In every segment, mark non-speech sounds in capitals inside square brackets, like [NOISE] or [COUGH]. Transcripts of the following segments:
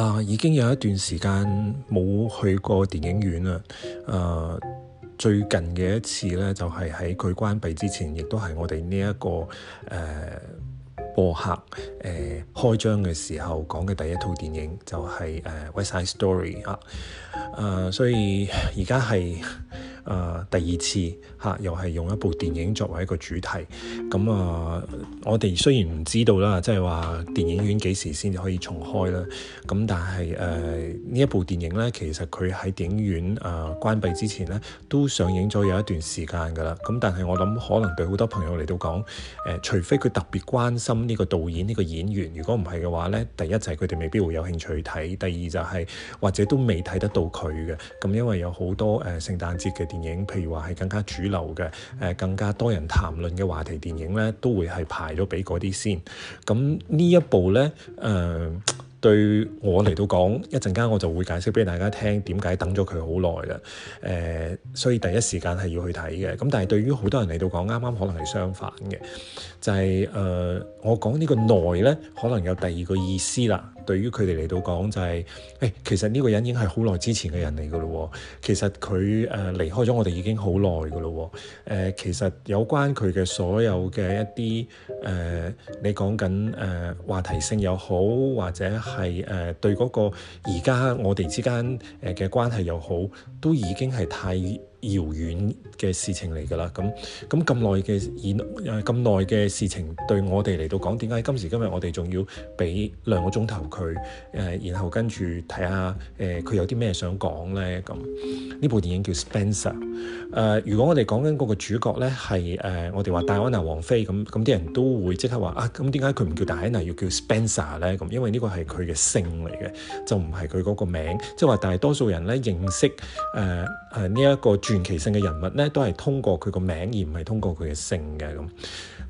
啊，已經有一段時間冇去過電影院啦。誒、啊，最近嘅一次呢，就係喺佢關閉之前，亦都係我哋呢一個誒、啊、播客誒、啊、開張嘅時候講嘅第一套電影，就係誒《West Side Story》啊。誒、啊啊，所以而家係。第二次嚇，又係用一部電影作為一個主題。咁啊，我哋雖然唔知道啦，即係話電影院幾時先至可以重開啦。咁但係誒呢一部電影呢，其實佢喺電影院誒、呃、關閉之前呢，都上映咗有一段時間㗎啦。咁但係我諗可能對好多朋友嚟到講，除非佢特別關心呢個導演、呢個演員，如果唔係嘅話呢，第一就係佢哋未必會有興趣睇，第二就係或者都未睇得到佢嘅。咁因為有好多誒、呃、聖誕節嘅。電影譬如話係更加主流嘅，誒、呃、更加多人談論嘅話題電影呢，都會係排咗俾嗰啲先。咁、嗯、呢一部呢，誒、呃、對我嚟到講，一陣間我就會解釋俾大家聽點解等咗佢好耐啦。誒、呃，所以第一時間係要去睇嘅。咁、嗯、但係對於好多人嚟到講，啱啱可能係相反嘅，就係、是、誒、呃、我講呢、這個耐呢，可能有第二個意思啦。對於佢哋嚟到講就係、是，誒、哎、其實呢個人已經係好耐之前嘅人嚟㗎咯。其實佢誒離開咗我哋已經好耐㗎咯。誒、呃、其實有關佢嘅所有嘅一啲誒、呃，你講緊誒話題性又好，或者係誒、呃、對嗰個而家我哋之間誒嘅關係又好，都已經係太遙遠嘅事情嚟㗎啦，咁咁咁耐嘅演誒咁耐嘅事情對我哋嚟到講，點解今時今日我哋仲要俾兩個鐘頭佢誒，然後跟住睇下誒佢有啲咩想講咧？咁、啊、呢部電影叫 Spencer。誒、啊，如果我哋講緊嗰個主角咧，係誒、啊、我哋話戴安娜王妃，咁咁啲人都會即刻話啊，咁點解佢唔叫戴安娜要叫 Spencer 咧？咁、啊、因為呢個係佢嘅姓嚟嘅，就唔係佢嗰個名，即係話大多數人咧認識誒誒呢一個。傳奇性嘅人物咧，都係通過佢個名而唔係通過佢嘅姓嘅。咁，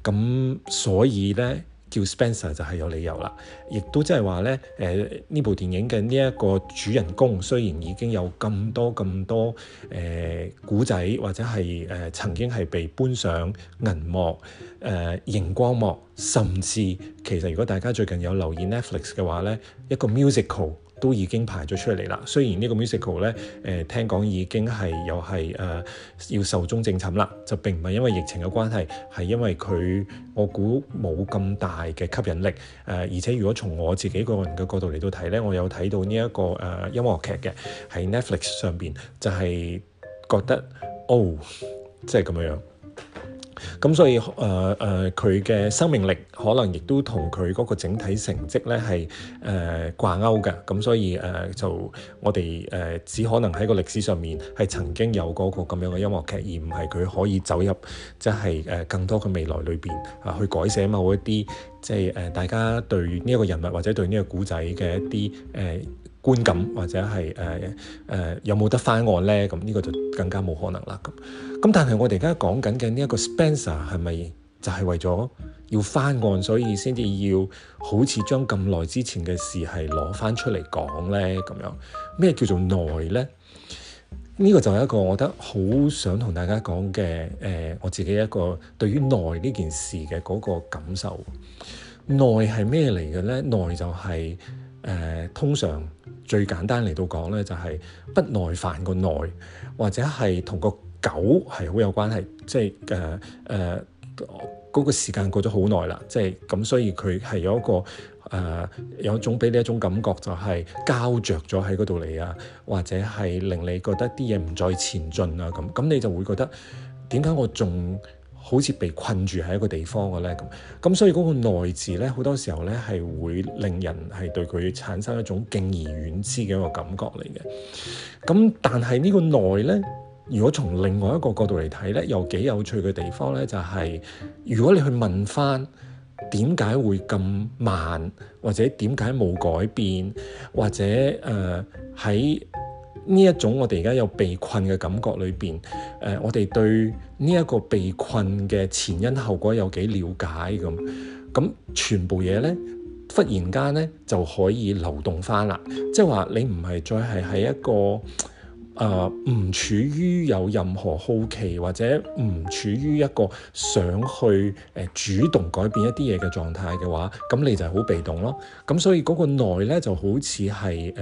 咁所以咧叫 Spencer 就係有理由啦。亦都即係話咧，誒、呃、呢部電影嘅呢一個主人公雖然已經有咁多咁多誒古仔，或者係誒、呃、曾經係被搬上銀幕、誒、呃、熒光幕，甚至其實如果大家最近有留意 Netflix 嘅話咧，一個 musical。都已經排咗出嚟啦。雖然這個呢個 musical 咧，誒、呃、聽講已經係又係誒、呃、要壽終正寢啦，就並唔係因為疫情嘅關係，係因為佢我估冇咁大嘅吸引力。誒、呃、而且如果從我自己個人嘅角度嚟到睇咧，我有睇到呢、這、一個誒、呃、音樂劇嘅喺 Netflix 上邊，就係、是、覺得哦，即係咁樣。咁所以誒誒，佢、呃、嘅、呃、生命力可能亦都同佢嗰個整體成績咧係誒掛鈎嘅。咁所以誒、呃、就我哋誒、呃、只可能喺個歷史上面係曾經有嗰個咁樣嘅音樂劇，而唔係佢可以走入即係誒更多嘅未來裏邊啊，去改寫某一啲即係誒大家對呢一個人物或者對呢個古仔嘅一啲誒。呃觀感或者係、呃呃、有冇得翻案呢？咁呢個就更加冇可能啦。咁咁但係我哋而家講緊嘅呢一個 Spencer 係咪就係為咗要翻案，所以先至要好似將咁耐之前嘅事係攞翻出嚟講呢？咁樣咩叫做耐呢？呢個就係一個我覺得好想同大家講嘅、呃、我自己一個對於耐呢件事嘅嗰個感受。耐係咩嚟嘅呢？耐就係。誒、呃、通常最簡單嚟到講咧，就係、是、不耐煩個耐，或者係同個狗係好有關係，即係誒誒嗰個時間過咗好耐啦，即係咁，所以佢係有一個誒、呃、有一種俾你一種感覺，就係膠着咗喺嗰度嚟啊，或者係令你覺得啲嘢唔再前進啊，咁咁你就會覺得點解我仲？好似被困住喺一個地方嘅咧咁，咁所以嗰個內字咧，好多時候咧係會令人係對佢產生一種敬而遠之嘅一個感覺嚟嘅。咁但係呢個內咧，如果從另外一個角度嚟睇咧，又幾有趣嘅地方咧，就係、是、如果你去問翻點解會咁慢，或者點解冇改變，或者誒喺，呃在呢一種我哋而家有被困嘅感覺裏面，呃、我哋對呢一個被困嘅前因後果有幾了解咁？咁全部嘢咧，忽然間咧就可以流動翻啦。即係話你唔係再係喺一個呃、唔處於有任何好奇或者唔處於一個想去、呃、主動改變一啲嘢嘅狀態嘅話，咁你就係好被動咯。咁所以嗰個內咧就好似係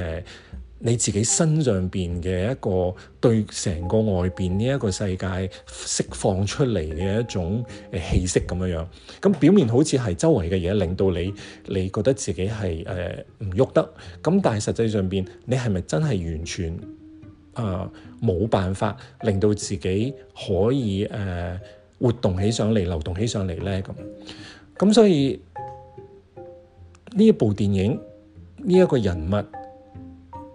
你自己身上邊嘅一個對成個外邊呢一個世界釋放出嚟嘅一種誒氣息咁樣樣，咁表面好似係周圍嘅嘢令到你你覺得自己係誒唔喐得，咁但係實際上邊你係咪真係完全誒冇、呃、辦法令到自己可以誒、呃、活動起上嚟、流動起上嚟咧？咁咁所以呢一部電影呢一個人物。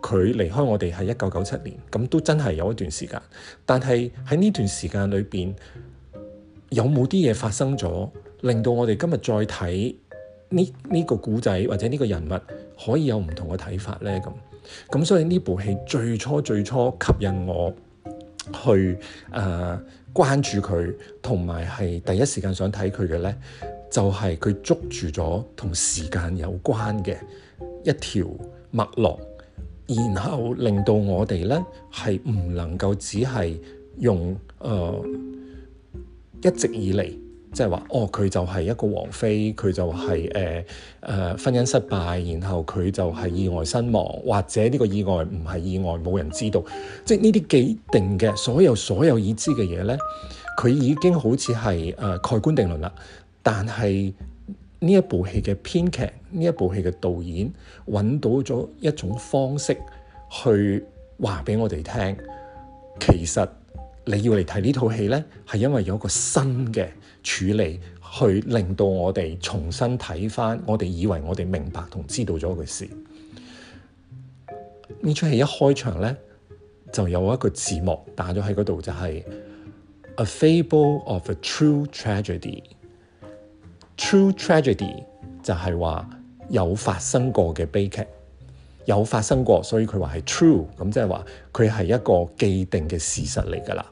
佢離開我哋係一九九七年，咁都真係有一段時間。但係喺呢段時間裏邊，有冇啲嘢發生咗，令到我哋今日再睇呢呢個古仔或者呢個人物可以有唔同嘅睇法呢？咁咁，所以呢部戲最初最初吸引我去誒、呃、關注佢，同埋係第一時間想睇佢嘅呢，就係、是、佢捉住咗同時間有關嘅一條脈絡。然後令到我哋咧係唔能夠只係用、呃、一直以嚟，即係話哦，佢就係一個王妃，佢就係、是、誒、呃呃、婚姻失敗，然後佢就係意外身亡，或者呢個意外唔係意外，冇人知道，即係呢啲既定嘅所有所有已知嘅嘢咧，佢已經好似係誒蓋棺定論啦。但係呢一部戲嘅編劇。呢一部戲嘅導演揾到咗一種方式去話畀我哋聽，其實你要嚟睇呢套戲呢，係因為有一個新嘅處理，去令到我哋重新睇翻我哋以為我哋明白同知道咗嘅事。呢出戲一開場呢，就有一個字幕打咗喺嗰度，就係、是《A Fable of a True Tragedy》，True Tragedy 就係話。有發生過嘅悲劇，有發生過，所以佢話係 true，咁即係話佢係一個既定嘅事實嚟噶啦。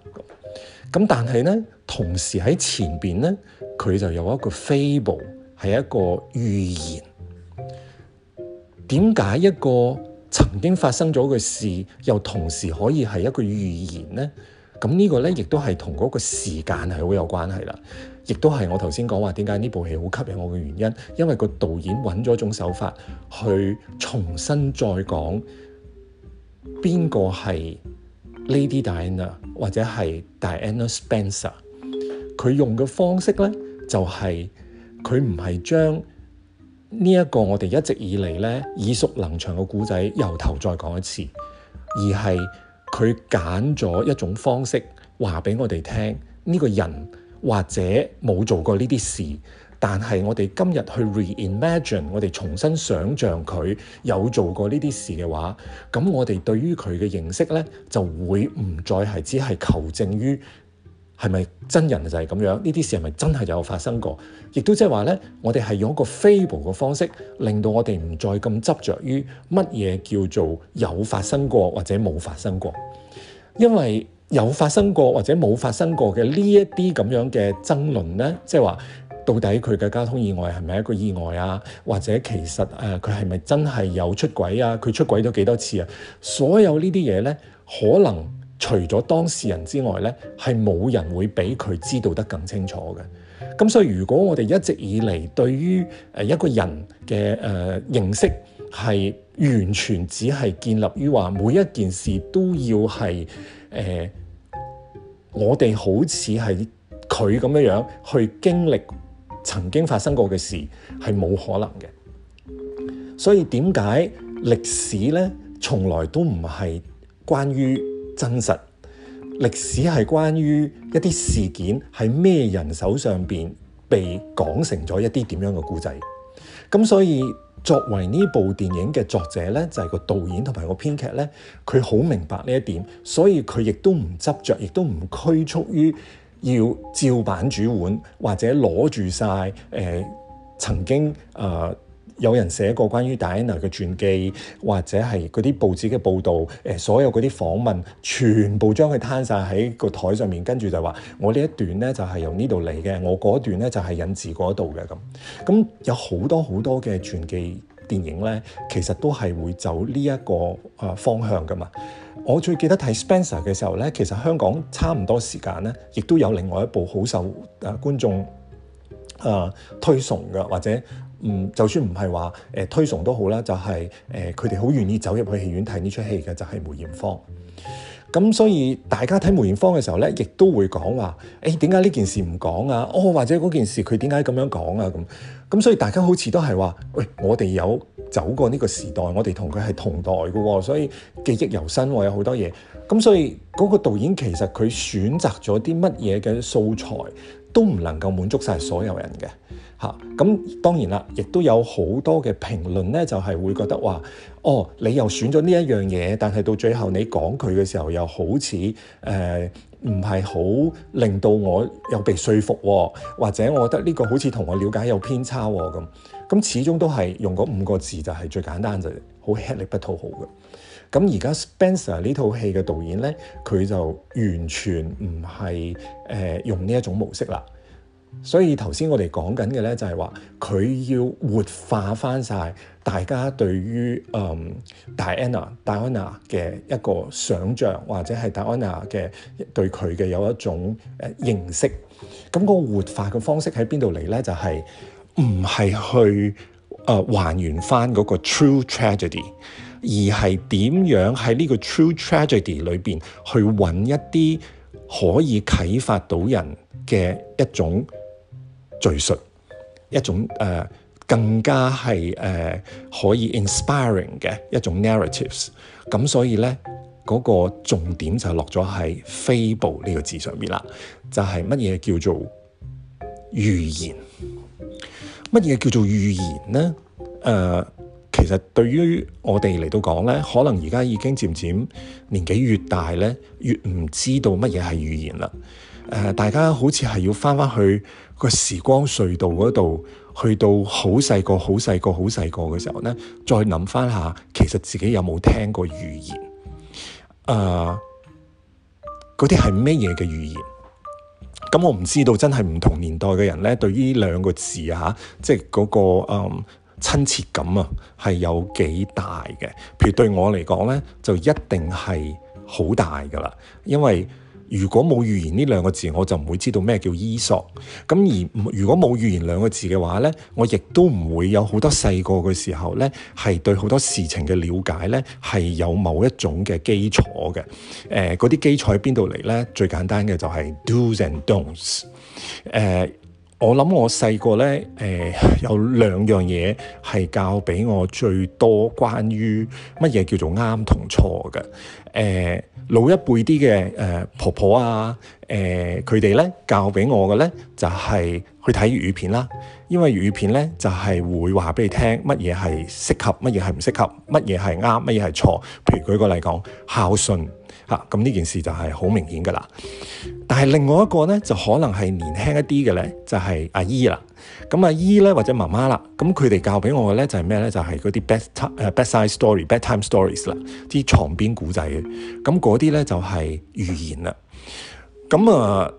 咁但係呢，同時喺前邊呢，佢就有一個 fable，係一個預言。點解一個曾經發生咗嘅事，又同時可以係一個預言呢？咁呢個呢，亦都係同嗰個時間係好有關係啦。亦都係我頭先講話點解呢部戲好吸引我嘅原因，因為個導演揾咗一種手法去重新再講邊個係 Lady Diana 或者係 Diana Spencer。佢用嘅方式呢，就係佢唔係將呢一個我哋一直以嚟呢耳熟能詳嘅故仔由頭再講一次，而係佢揀咗一種方式話俾我哋聽呢個人。或者冇做過呢啲事，但係我哋今日去 reimagine，我哋重新想象佢有做過呢啲事嘅話，咁我哋對於佢嘅認識呢，就會唔再係只係求證於係咪真人就係咁樣，呢啲事係咪真係有發生過？亦都即係話呢，我哋係用一個 fable 嘅方式，令到我哋唔再咁執着於乜嘢叫做有發生過或者冇發生過，因為，有發生過或者冇發生過嘅呢一啲咁樣嘅爭論呢，即係話到底佢嘅交通意外係咪一個意外啊？或者其實誒佢係咪真係有出軌啊？佢出軌咗幾多次啊？所有呢啲嘢呢，可能除咗當事人之外呢，係冇人會比佢知道得更清楚嘅。咁所以如果我哋一直以嚟對於誒一個人嘅誒認識係完全只係建立於話每一件事都要係誒。呃我哋好似係佢咁樣樣去經歷曾經發生過嘅事，係冇可能嘅。所以點解歷史呢，從來都唔係關於真實，歷史係關於一啲事件喺咩人手上邊被講成咗一啲點樣嘅故仔。咁所以作為呢部電影嘅作者呢，就係個導演同埋個編劇呢，佢好明白呢一點，所以佢亦都唔執着，亦都唔拘束於要照板煮碗或者攞住晒誒曾經啊。呃有人寫過關於黛安娜嘅傳記，或者係嗰啲報紙嘅報導，誒所有嗰啲訪問，全部將佢攤晒喺個台上面，跟住就話：我呢一段咧就係、是、由呢度嚟嘅，我嗰段咧就係、是、引自嗰度嘅咁。咁有好多好多嘅傳記電影咧，其實都係會走呢一個誒方向噶嘛。我最記得睇 Spencer 嘅時候咧，其實香港差唔多時間咧，亦都有另外一部好受誒觀眾啊、呃、推崇嘅或者。嗯，就算唔係話誒推崇都好啦，就係誒佢哋好願意走入去戲院睇呢出戲嘅，就係梅艷芳。咁所以大家睇梅艷芳嘅時候咧，亦都會講話：誒點解呢件事唔講啊？哦，或者嗰件事佢點解咁樣講啊？咁咁所以大家好似都係話：喂，我哋有走過呢個時代，我哋同佢係同代嘅喎，所以記憶猶新，我有好多嘢。咁所以嗰個導演其實佢選擇咗啲乜嘢嘅素材？都唔能夠滿足晒所有人嘅嚇，咁、啊、當然啦，亦都有好多嘅評論咧，就係、是、會覺得話，哦，你又選咗呢一樣嘢，但係到最後你講佢嘅時候，又好似誒唔係好令到我有被說服，哦，或者我覺得呢個好似同我了解有偏差咁，哦，咁始終都係用嗰五個字就係最簡單，就好吃力不討好嘅。咁而家 Spencer 呢套戲嘅導演咧，佢就完全唔係誒用呢一種模式啦。所以頭先我哋講緊嘅咧，就係話佢要活化翻晒大家對於誒黛安娜、黛安娜嘅一個想像，或者係 Diana 嘅對佢嘅有一種誒認識。咁、那、嗰個活化嘅方式喺邊度嚟咧？就係唔係去誒、呃、還原翻嗰個 True Tragedy？而係點樣喺呢個 true tragedy 裏面去揾一啲可以啟發到人嘅一種敘述，一種、呃、更加係、呃、可以 inspiring 嘅一種 narratives。咁所以咧，嗰、那個重點就落咗喺 fable 呢個字上面啦。就係乜嘢叫做寓言？乜嘢叫做寓言咧？呃其實對於我哋嚟到講咧，可能而家已經漸漸年紀越大咧，越唔知道乜嘢係寓言啦。誒、呃，大家好似係要翻翻去個時光隧道嗰度，去到好細個、好細個、好細個嘅時候咧，再諗翻下，其實自己有冇聽過寓言？誒、呃，嗰啲係咩嘢嘅寓言？咁我唔知道，真係唔同年代嘅人咧，對於兩個字啊，即係、那、嗰個、嗯親切感啊，係有幾大嘅。譬如對我嚟講呢，就一定係好大㗎喇。因為如果冇寓言呢兩個字，我就唔會知道咩叫伊索。咁而如果冇寓言兩個字嘅話呢，我亦都唔會有好多細個嘅時候呢，係對好多事情嘅了解呢，係有某一種嘅基礎嘅。誒、呃，嗰啲基礎喺邊度嚟呢？最簡單嘅就係 Do's and Don'ts、呃我諗我細個咧，誒、呃，有兩樣嘢係教俾我最多關於乜嘢叫做啱同錯嘅。誒、呃，老一輩啲嘅誒婆婆啊，誒、呃，佢哋咧教俾我嘅咧就係、是、去睇粵語片啦，因為粵語片咧就係、是、會話俾你聽乜嘢係適合，乜嘢係唔適合，乜嘢係啱，乜嘢係錯。譬如舉個例講，孝順。咁、啊、呢件事就係好明顯噶啦。但係另外一個咧，就可能係年輕一啲嘅咧，就係、是、阿姨啦。咁阿姨咧或者媽媽啦，咁佢哋教俾我嘅咧就係咩咧？就係嗰啲 bedtime 誒 bedside story bedtime stories 啦，啲床邊古仔。咁嗰啲咧就係、是、寓言啦。咁啊，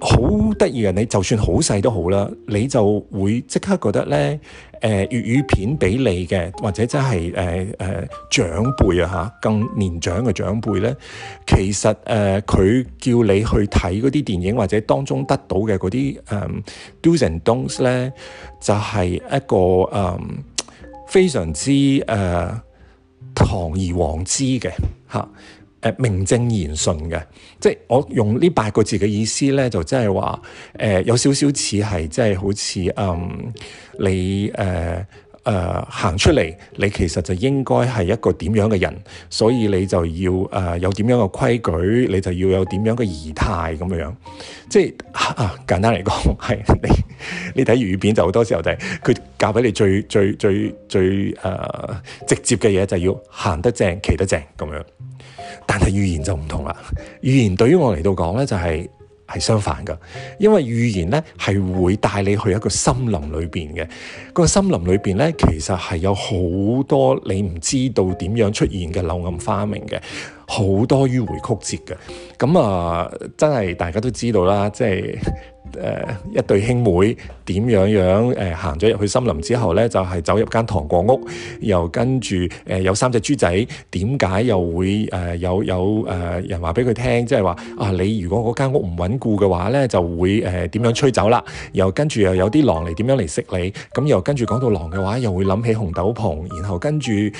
好得意嘅你，就算好細都好啦，你就會即刻覺得咧。誒、呃、粵語片俾你嘅，或者真係誒、呃、長輩啊更年長嘅長輩咧，其實誒佢、呃、叫你去睇嗰啲電影，或者當中得到嘅嗰啲 Do's and Don'ts 咧，就係、是、一個、呃、非常之誒、呃、堂而皇之嘅誒名正言順嘅，即係我用呢八個字嘅意思咧，就即係話誒，有少少似係，即係好似嗯你誒。呃誒、呃、行出嚟，你其實就應該係一個點樣嘅人，所以你就要誒、呃、有點樣嘅規矩，你就要有點樣嘅儀態咁樣，即係、啊、簡單嚟講係你你睇粵語片就好多時候就係佢教俾你最最最最誒、呃、直接嘅嘢，就係要行得正，企得正咁樣。但係寓言就唔同啦，寓言對於我嚟到講咧就係、是。係相反㗎，因為寓言咧係會帶你去一個森林裏邊嘅。個森林裏邊咧，其實係有好多你唔知道點樣出現嘅柳暗花明嘅，好多迂迴曲折嘅。咁啊，真係大家都知道啦，即係。誒、呃、一對兄妹點樣樣誒、呃、行咗入去森林之後咧，就係、是、走入間糖果屋，又跟住誒、呃、有三隻豬仔，點解又會誒、呃、有有誒、呃、人話俾佢聽，即係話啊，你如果嗰間屋唔穩固嘅話咧，就會誒點、呃、樣吹走啦。又跟住又有啲狼嚟，點樣嚟食你？咁又跟住講到狼嘅話，又會諗起紅斗篷，然後跟住誒、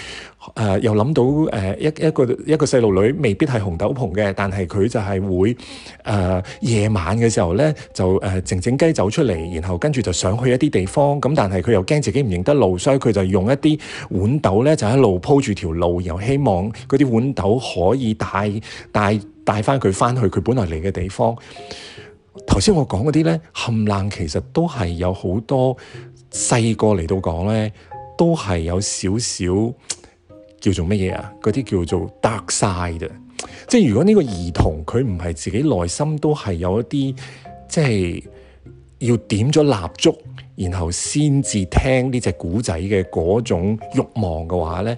呃、又諗到誒、呃、一一,一,一,一個一個細路女未必係紅斗篷嘅，但係佢就係會誒、呃、夜晚嘅時候咧就。誒、呃，靜靜雞走出嚟，然後跟住就想去一啲地方，咁但係佢又驚自己唔認得路，所以佢就用一啲豌豆咧，就一路鋪住條路，又希望嗰啲豌豆可以帶帶帶翻佢翻去佢本來嚟嘅地方。頭先我講嗰啲咧，冚冷其實都係有好多細個嚟到講咧，都係有少少叫做乜嘢啊？嗰啲叫做 dark side 嘅，即係如果呢個兒童佢唔係自己內心都係有一啲。即係要點咗蠟燭，然後先至聽呢隻古仔嘅嗰種慾望嘅話咧，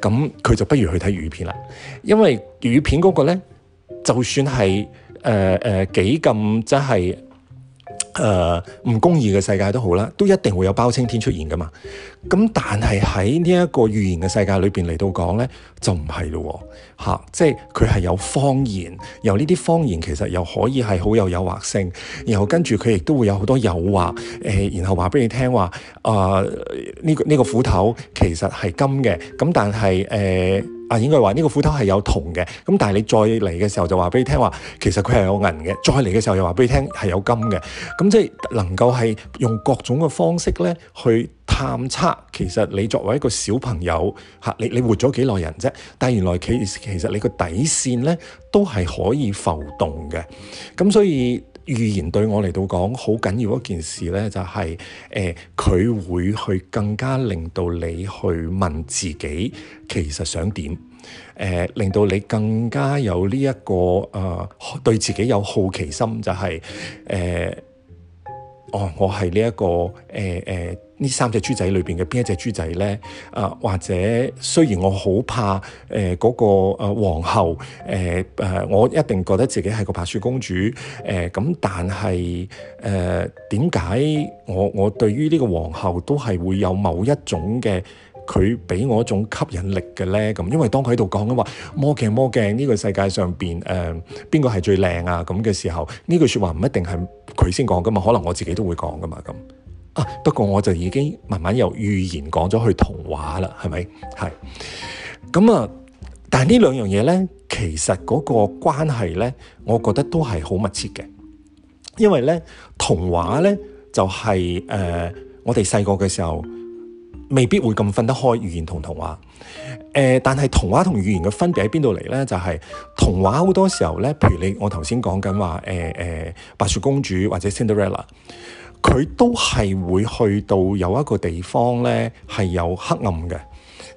咁佢就不如去睇粵語片啦。因為粵語片嗰個咧，就算係誒誒幾咁，即、呃、係。呃誒、呃、唔公義嘅世界都好啦，都一定會有包青天出現噶嘛。咁但係喺呢一個寓言嘅世界裏面嚟到講呢，就唔係咯喎。即係佢係有謊言，由呢啲謊言其實又可以係好有誘惑性，然後跟住佢亦都會有好多誘惑。呃、然後話俾你聽話，啊、呃、呢、這個呢、呢個斧頭其實係金嘅。咁但係誒。呃啊，應該話呢個斧頭係有銅嘅，咁但係你再嚟嘅時候就話俾你聽話，其實佢係有銀嘅；再嚟嘅時候又話俾你聽係有金嘅。咁即係能夠係用各種嘅方式咧去探測，其實你作為一個小朋友吓，你你活咗幾耐人啫？但係原來其其實你個底線咧都係可以浮動嘅。咁所以。寓言對我嚟到講，好緊要的一件事咧、就係，就係誒，佢會去更加令到你去問自己，其實想點？誒、呃，令到你更加有呢、這、一個啊、呃，對自己有好奇心、就係，就係誒。哦，我係、這個呃呃、呢一個誒誒呢三隻豬仔裏邊嘅邊一隻豬仔咧？啊、呃，或者雖然我好怕誒嗰、呃那個、呃、皇后誒誒、呃呃，我一定覺得自己係個白雪公主誒咁、呃，但係誒點解我我對於呢個皇后都係會有某一種嘅佢俾我一種吸引力嘅咧？咁、嗯、因為當佢喺度講緊話魔鏡魔鏡呢個世界上邊誒邊個係最靚啊咁嘅時候，呢句説話唔一定係。佢先講噶嘛，可能我自己都會講噶嘛咁啊。不過我就已經慢慢由寓言講咗去童話啦，係咪？係咁啊。但係呢兩樣嘢咧，其實嗰個關係咧，我覺得都係好密切嘅，因為咧童話咧就係、是、誒、呃、我哋細個嘅時候。未必會咁分得開語言同童話，呃、但係童話同語言嘅分別喺邊度嚟咧？就係、是、童話好多時候咧，譬如你我頭先講緊話，呃、呃、白雪公主或者 Cinderella，佢都係會去到有一個地方咧係有黑暗嘅，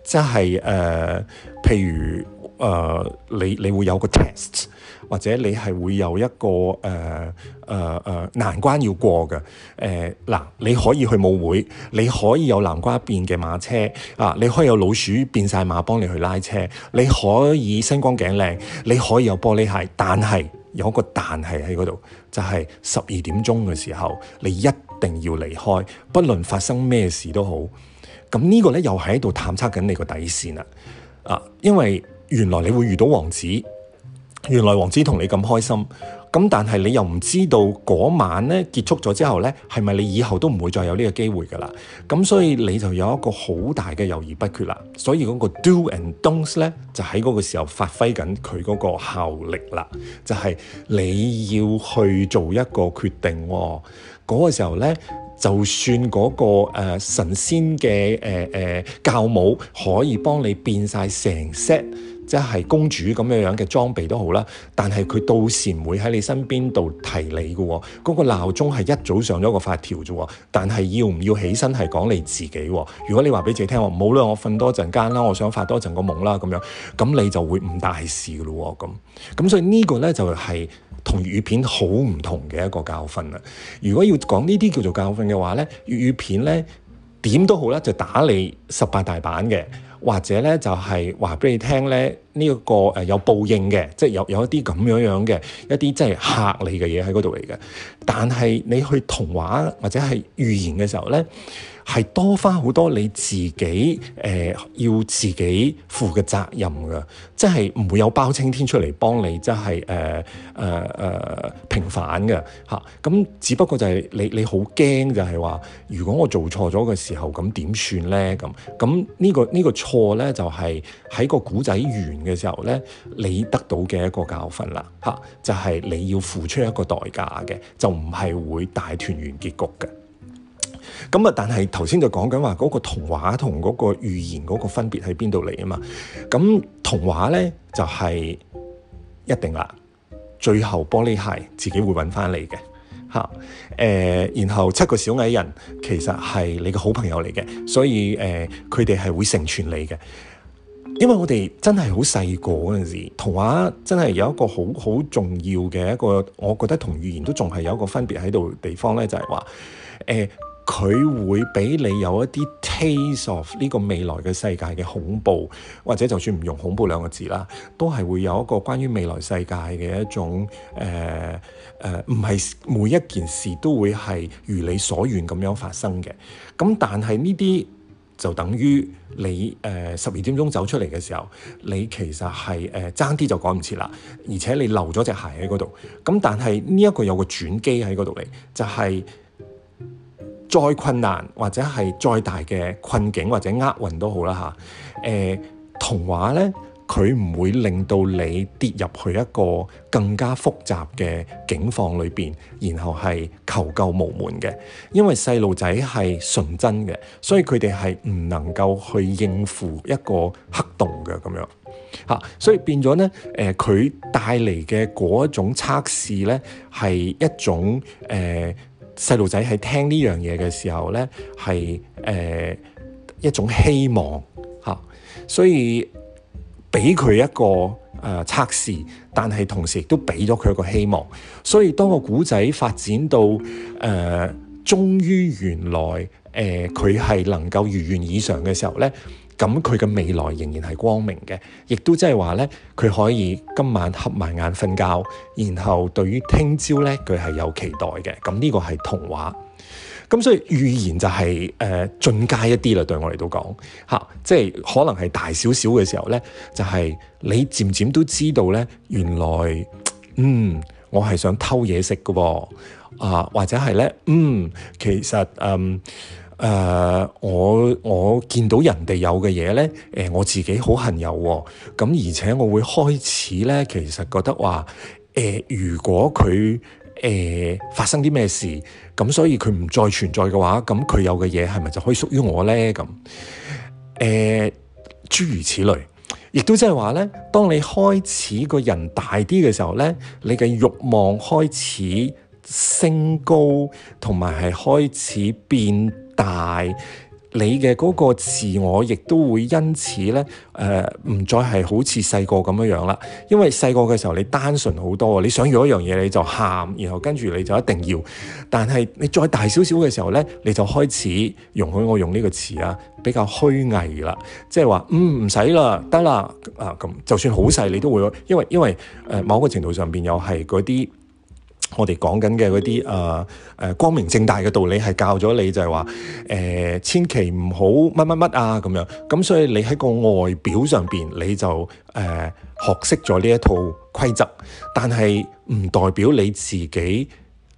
即係、呃、譬如。誒、uh,，你你會有個 test，或者你係會有一個誒誒誒難關要過嘅誒嗱，你可以去舞會，你可以有南瓜變嘅馬車啊，uh, 你可以有老鼠變晒馬幫你去拉車，你可以身光頸靚，你可以有玻璃鞋，但係有個但係喺嗰度，就係十二點鐘嘅時候，你一定要離開，不論發生咩事都好。咁呢個咧又喺度探測緊你個底線啦，啊、uh,，因為。原來你會遇到王子，原來王子同你咁開心，咁但係你又唔知道嗰晚咧結束咗之後咧，係咪你以後都唔會再有呢個機會噶啦？咁所以你就有一個好大嘅猶豫不決啦。所以嗰個 do and don'ts 咧，就喺嗰個時候發揮緊佢嗰個效力啦。就係、是、你要去做一個決定喎、哦。嗰、那個時候咧，就算嗰、那個、呃、神仙嘅誒誒教母可以幫你變晒成 set。即係公主咁樣樣嘅裝備都好啦，但係佢到時唔會喺你身邊度提你嘅。嗰、那個鬧鐘係一早上咗個發條啫，但係要唔要起身係講你自己。如果你話俾自己聽話唔好啦，我瞓多陣間啦，我想發多陣個夢啦咁樣，咁你就會唔大事嘅咯喎咁。咁所以呢個咧就係同粵語片好唔同嘅一個教訓啦。如果要講呢啲叫做教訓嘅話咧，粵語片咧點都好啦，就打你十八大板嘅，或者咧就係話畀你聽咧，呢、這、一個誒有報應嘅，即係有有一啲咁樣樣嘅一啲即係嚇你嘅嘢喺嗰度嚟嘅。但係你去童話或者係寓言嘅時候咧，係多翻好多你自己誒、呃、要自己負嘅責任㗎，即係唔會有包青天出嚟幫你，即係誒誒誒平反嘅嚇。咁、啊、只不過就係你你好驚就係話，如果我做錯咗嘅時候，咁點算咧？咁咁呢個呢、呢個錯咧，就係、係、喺個古仔完嘅時候咧，你得到嘅一個教訓啦嚇、啊，就係、係、你要付出一個代價嘅，就唔係會大團圓結局嘅。咁啊，但係頭先就講緊話，嗰個童話同嗰個寓言嗰個分別喺邊度嚟啊？嘛，咁童話咧就係、是、一定啦，最後玻璃鞋自己會搵翻你嘅吓。誒，然後七個小矮人其實係你嘅好朋友嚟嘅，所以誒佢哋係會成全你嘅。因為我哋真係好細個嗰陣時，童話真係有一個好好重要嘅一個，我覺得同寓言都仲係有一個分別喺度地方咧，就係話誒。呃佢會俾你有一啲 taste of 呢個未來嘅世界嘅恐怖，或者就算唔用恐怖兩個字啦，都係會有一個關於未來世界嘅一種誒誒，唔係每一件事都會係如你所願咁樣發生嘅。咁但係呢啲就等於你誒十二點鐘走出嚟嘅時候，你其實係誒爭啲就趕唔切啦，而且你漏咗隻鞋喺嗰度。咁但係呢一個有個轉機喺嗰度嚟，就係。再困難或者係再大嘅困境或者厄運都好啦，嚇，誒童話咧，佢唔會令到你跌入去一個更加複雜嘅境況裏邊，然後係求救無門嘅。因為細路仔係純真嘅，所以佢哋係唔能夠去應付一個黑洞嘅咁樣嚇，啊，所以變咗咧，誒佢帶嚟嘅嗰一種測試咧係一種誒。呃細路仔喺聽呢樣嘢嘅時候呢，係誒、呃、一種希望嚇、啊，所以俾佢一個誒、呃、測試，但係同時亦都俾咗佢一個希望。所以當個古仔發展到誒、呃，終於原來誒佢係能夠如願以償嘅時候呢。咁佢嘅未來仍然係光明嘅，亦都即係話咧，佢可以今晚合埋眼瞓覺，然後對於聽朝咧，佢係有期待嘅。咁呢個係童話，咁所以寓言就係、是、誒、呃、進階一啲啦，對我嚟到講嚇，即係可能係大少少嘅時候咧，就係、是、你漸漸都知道咧，原來嗯，我係想偷嘢食嘅喎、哦、啊，或者係咧，嗯，其實嗯。誒、uh，我我見到人哋有嘅嘢咧，誒、呃，我自己好幸有喎、哦。咁而且我會開始咧，其實覺得話誒、呃，如果佢誒、呃、發生啲咩事，咁所以佢唔再存在嘅話，咁佢有嘅嘢係咪就可以屬於我咧？咁誒、呃，諸如此類，亦都即係話咧，當你開始個人大啲嘅時候咧，你嘅慾望開始升高，同埋係開始變。大，你嘅嗰個自我亦都會因此咧，誒、呃、唔再係好似細個咁樣樣啦。因為細個嘅時候你單純好多，你想要一樣嘢你就喊，然後跟住你就一定要。但係你再大少少嘅時候咧，你就開始容許我用呢個詞啊，比較虛偽啦，即係話唔唔使啦，得啦啊咁，就，是嗯啊、就算好細你都會，因為因為、呃、某個程度上邊又係嗰啲。我哋講緊嘅嗰啲誒光明正大嘅道理係教咗你就，就係話千祈唔好乜乜乜啊咁樣。咁所以你喺個外表上邊，你就誒、呃、學識咗呢一套規則，但係唔代表你自己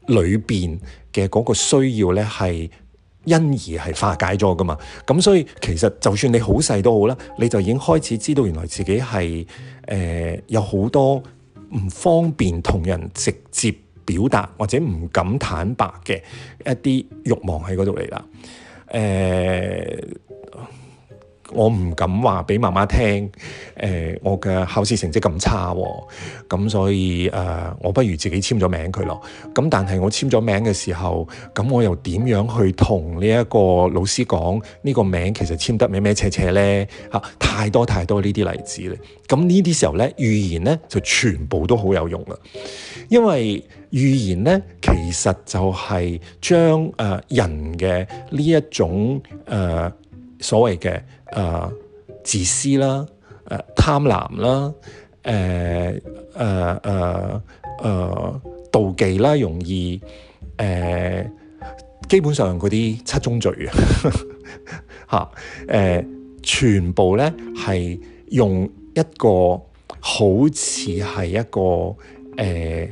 裏邊嘅嗰個需要咧係因而係化解咗噶嘛。咁所以其實就算你好細都好啦，你就已經開始知道原來自己係誒、呃、有好多唔方便同人直接表達或者唔敢坦白嘅一啲慾望喺嗰度嚟啦。誒、欸，我唔敢話俾媽媽聽。誒、欸，我嘅考試成績咁差，哦，咁所以誒、呃，我不如自己簽咗名佢咯。咁但係我簽咗名嘅時候，咁我又點樣去同呢一個老師講呢個名其實簽得咩咩斜斜咧？嚇、啊，太多太多呢啲例子啦。咁呢啲時候咧，寓言咧就全部都好有用啦，因為。寓言咧，其實就係將誒、呃、人嘅呢一種誒、呃、所謂嘅誒、呃、自私啦、誒、呃、貪婪啦、誒誒誒誒妒忌啦，容易誒、呃、基本上嗰啲七宗罪啊嚇、 [LAUGHS] 呃、全部咧係用一個好似係一個誒、呃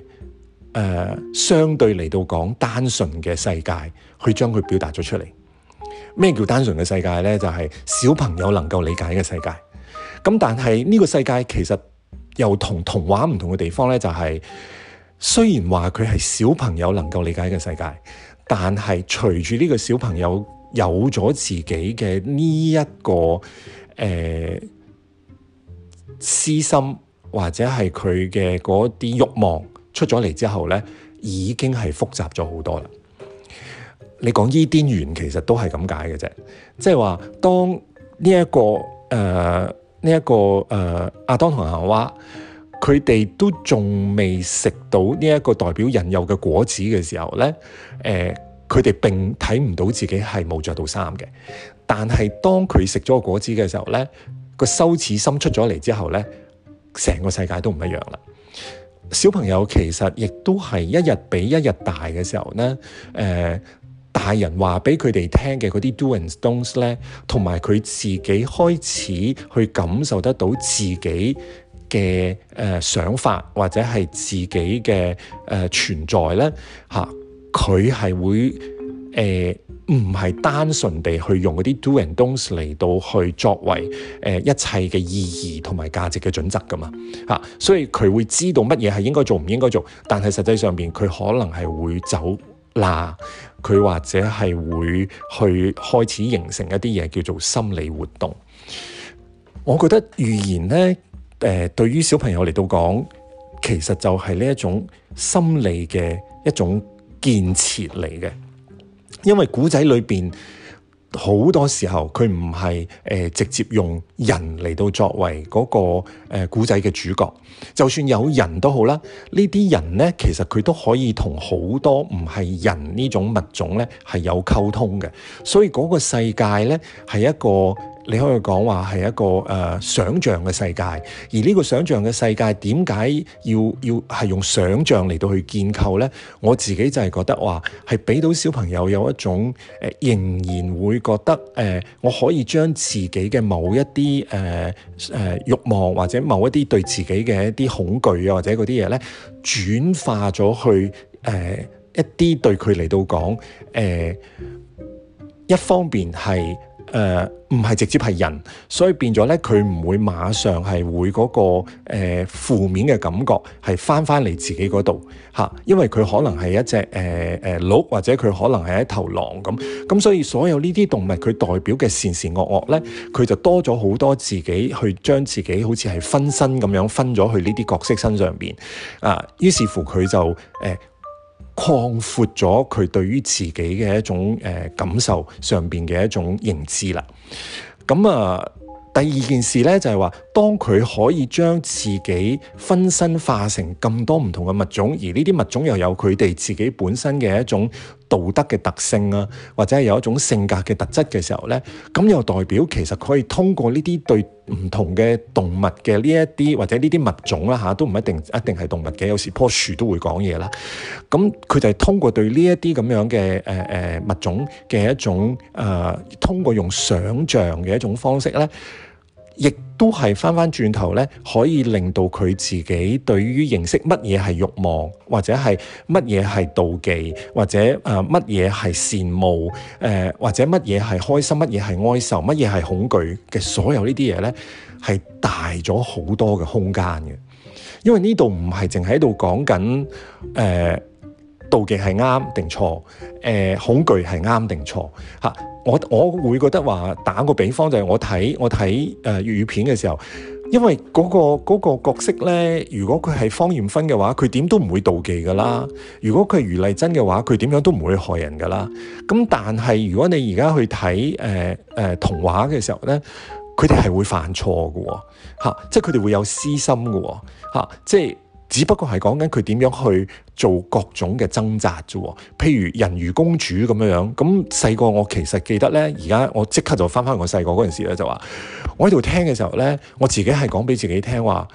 誒、呃，相對嚟到講單純嘅世界，去將佢表達咗出嚟。咩叫單純嘅世界呢？就係、是、小朋友能夠理解嘅世界。咁、嗯、但係呢個世界其實又同童話唔同嘅地方呢，就係、是、雖然話佢係小朋友能夠理解嘅世界，但係隨住呢個小朋友有咗自己嘅呢一個誒、呃、私心，或者係佢嘅嗰啲欲望。出咗嚟之後咧，已經係複雜咗好多啦。你講伊甸園其實都係咁解嘅啫，即係話當呢、這、一個誒呢一個誒亞、呃、當同夏娃，佢哋都仲未食到呢一個代表人有嘅果子嘅時候咧，佢、呃、哋並睇唔到自己係冇着到衫嘅。但係當佢食咗個果子嘅時候咧，個羞恥心出咗嚟之後咧，成個世界都唔一樣啦。小朋友其實亦都係一日比一日大嘅時候咧，誒、呃、大人話俾佢哋聽嘅嗰啲 do and don'ts 咧，同埋佢自己開始去感受得到自己嘅誒、呃、想法，或者係自己嘅誒、呃、存在咧嚇，佢、啊、係會。誒、呃，唔係單純地去用嗰啲 do and don'ts 嚟到去作為誒、呃、一切嘅意義同埋價值嘅準則噶嘛吓、啊，所以佢會知道乜嘢係應該做，唔應該做。但係實際上邊佢可能係會走啦，佢、啊、或者係會去開始形成一啲嘢叫做心理活動。我覺得寓言咧，誒、呃，對於小朋友嚟到講，其實就係呢一種心理嘅一種建設嚟嘅。因為古仔裏邊好多時候佢唔係誒直接用人嚟到作為嗰個誒古仔嘅主角，就算有人都好啦，呢啲人咧其實佢都可以同好多唔係人呢種物種咧係有溝通嘅，所以嗰個世界咧係一個。你可以講話係一個誒、呃、想像嘅世界，而呢個想像嘅世界點解要要係用想像嚟到去建構呢？我自己就係覺得話係俾到小朋友有一種誒、呃，仍然會覺得誒、呃，我可以將自己嘅某一啲誒誒慾望或者某一啲對自己嘅一啲恐懼啊或者嗰啲嘢咧轉化咗去誒、呃、一啲對佢嚟到講誒，一方面係。誒唔係直接係人，所以變咗咧，佢唔會馬上係會嗰、那個負、呃、負面嘅感覺係翻翻嚟自己嗰度嚇，因為佢可能係一隻誒、呃、鹿，或者佢可能係一頭狼咁，咁所以所有呢啲動物佢代表嘅善善惡惡咧，佢就多咗好多自己去將自己好似係分身咁樣分咗去呢啲角色身上面。啊、呃，於是乎佢就、呃擴闊咗佢對於自己嘅一種誒感受上面嘅一種認知啦。咁啊，第二件事咧就係話，當佢可以將自己分身化成咁多唔同嘅物種，而呢啲物種又有佢哋自己本身嘅一種，道德嘅特性啊，或者係有一種性格嘅特質嘅時候咧，咁又代表其實可以通過呢啲對唔同嘅動物嘅呢一啲或者呢啲物種啦、啊、吓，都唔一定一定係動物嘅，有時樖樹都會講嘢啦。咁佢就係通過對呢一啲咁樣嘅誒誒物種嘅一種誒、呃、通過用想象嘅一種方式咧。亦都係翻翻轉頭咧，可以令到佢自己對於認識乜嘢係慾望，或者係乜嘢係妒忌，或者誒乜嘢係羨慕，呃、或者乜嘢係開心，乜嘢係哀愁，乜嘢係恐懼嘅所有呢啲嘢咧，係大咗好多嘅空間嘅。因為呢度唔係淨喺度講緊誒妒忌係啱定錯，誒、呃、恐懼係啱定錯嚇。我我會覺得話打個比方就係我睇我睇誒粵語片嘅時候，因為嗰、嗰個嗰個角色咧，如果佢係方艷芬嘅話，佢點都唔會妒忌噶啦；如果佢係余麗珍嘅話，佢點樣都唔會害人噶啦。咁但係如果你而家去睇誒誒童話嘅時候咧，佢哋係會犯錯嘅喎、哦啊，即係佢哋會有私心嘅喎、哦啊，即係。只不過係講緊佢點樣去做各種嘅掙扎啫喎，譬如人魚公主咁樣樣。咁細個我其實記得咧，而家我即刻就翻翻我細個嗰陣時咧，就話我喺度聽嘅時候咧，我自己係講俾自己聽話，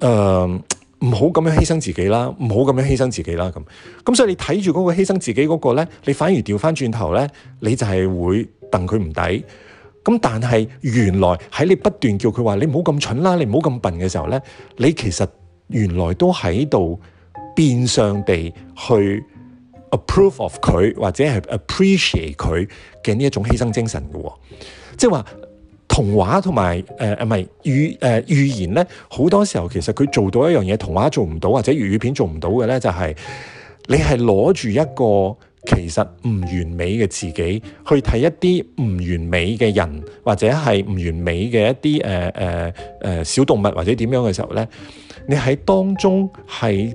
誒唔好咁樣犧牲自己啦，唔好咁樣犧牲自己啦咁。咁所以你睇住嗰個犧牲自己嗰個咧，你反而調翻轉頭咧，你就係會戥佢唔抵。咁但係原來喺你不斷叫佢話你唔好咁蠢啦，你唔好咁笨嘅時候咧，你其實。原來都喺度變相地去 approve of 佢，或者係 appreciate 佢嘅呢一種犧牲精神嘅，哦。即係話童話同埋誒唔係寓誒寓言咧，好多時候其實佢做到一樣嘢，童話做唔到，或者粵語片做唔到嘅咧，就係、是、你係攞住一個其實唔完美嘅自己去睇一啲唔完美嘅人，或者係唔完美嘅一啲誒誒誒小動物，或者點樣嘅時候咧。你喺當中係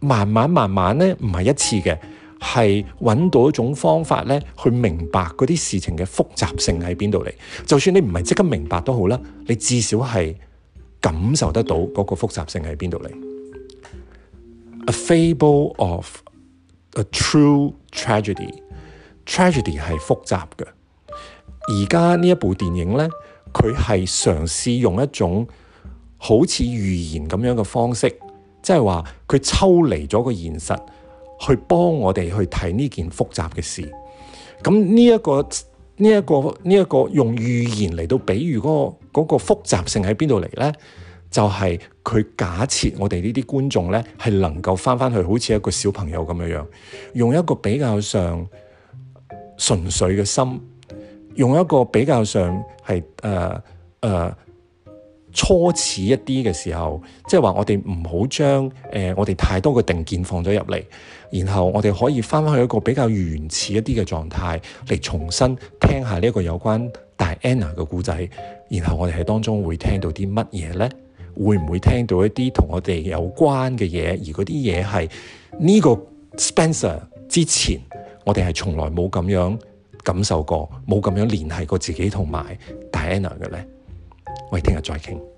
慢慢慢慢咧，唔係一次嘅，係揾到一種方法咧，去明白嗰啲事情嘅複雜性喺邊度嚟。就算你唔係即刻明白都好啦，你至少係感受得到嗰個複雜性喺邊度嚟。A fable of a true tragedy，tragedy 係複雜嘅。而家呢一部電影咧，佢係嘗試用一種。好似預言咁樣嘅方式，即係話佢抽離咗個現實，去幫我哋去睇呢件複雜嘅事。咁呢一個呢一個呢一個用預言嚟到比喻嗰個嗰個複雜性喺邊度嚟呢？就係佢假設我哋呢啲觀眾呢係能夠翻翻去好似一個小朋友咁樣樣用一個比較上純粹嘅心，用一個比較上係誒誒初始一啲嘅時候，即係話我哋唔好將誒我哋太多嘅定見放咗入嚟，然後我哋可以翻返去一個比較原始一啲嘅狀態嚟重新聽下呢一個有關戴安娜嘅故仔，然後我哋喺當中會聽到啲乜嘢呢？會唔會聽到一啲同我哋有關嘅嘢？而嗰啲嘢係呢個 Spencer 之前，我哋係從來冇咁樣感受過，冇咁樣聯繫過自己同埋戴安娜嘅呢？我哋聽日再傾。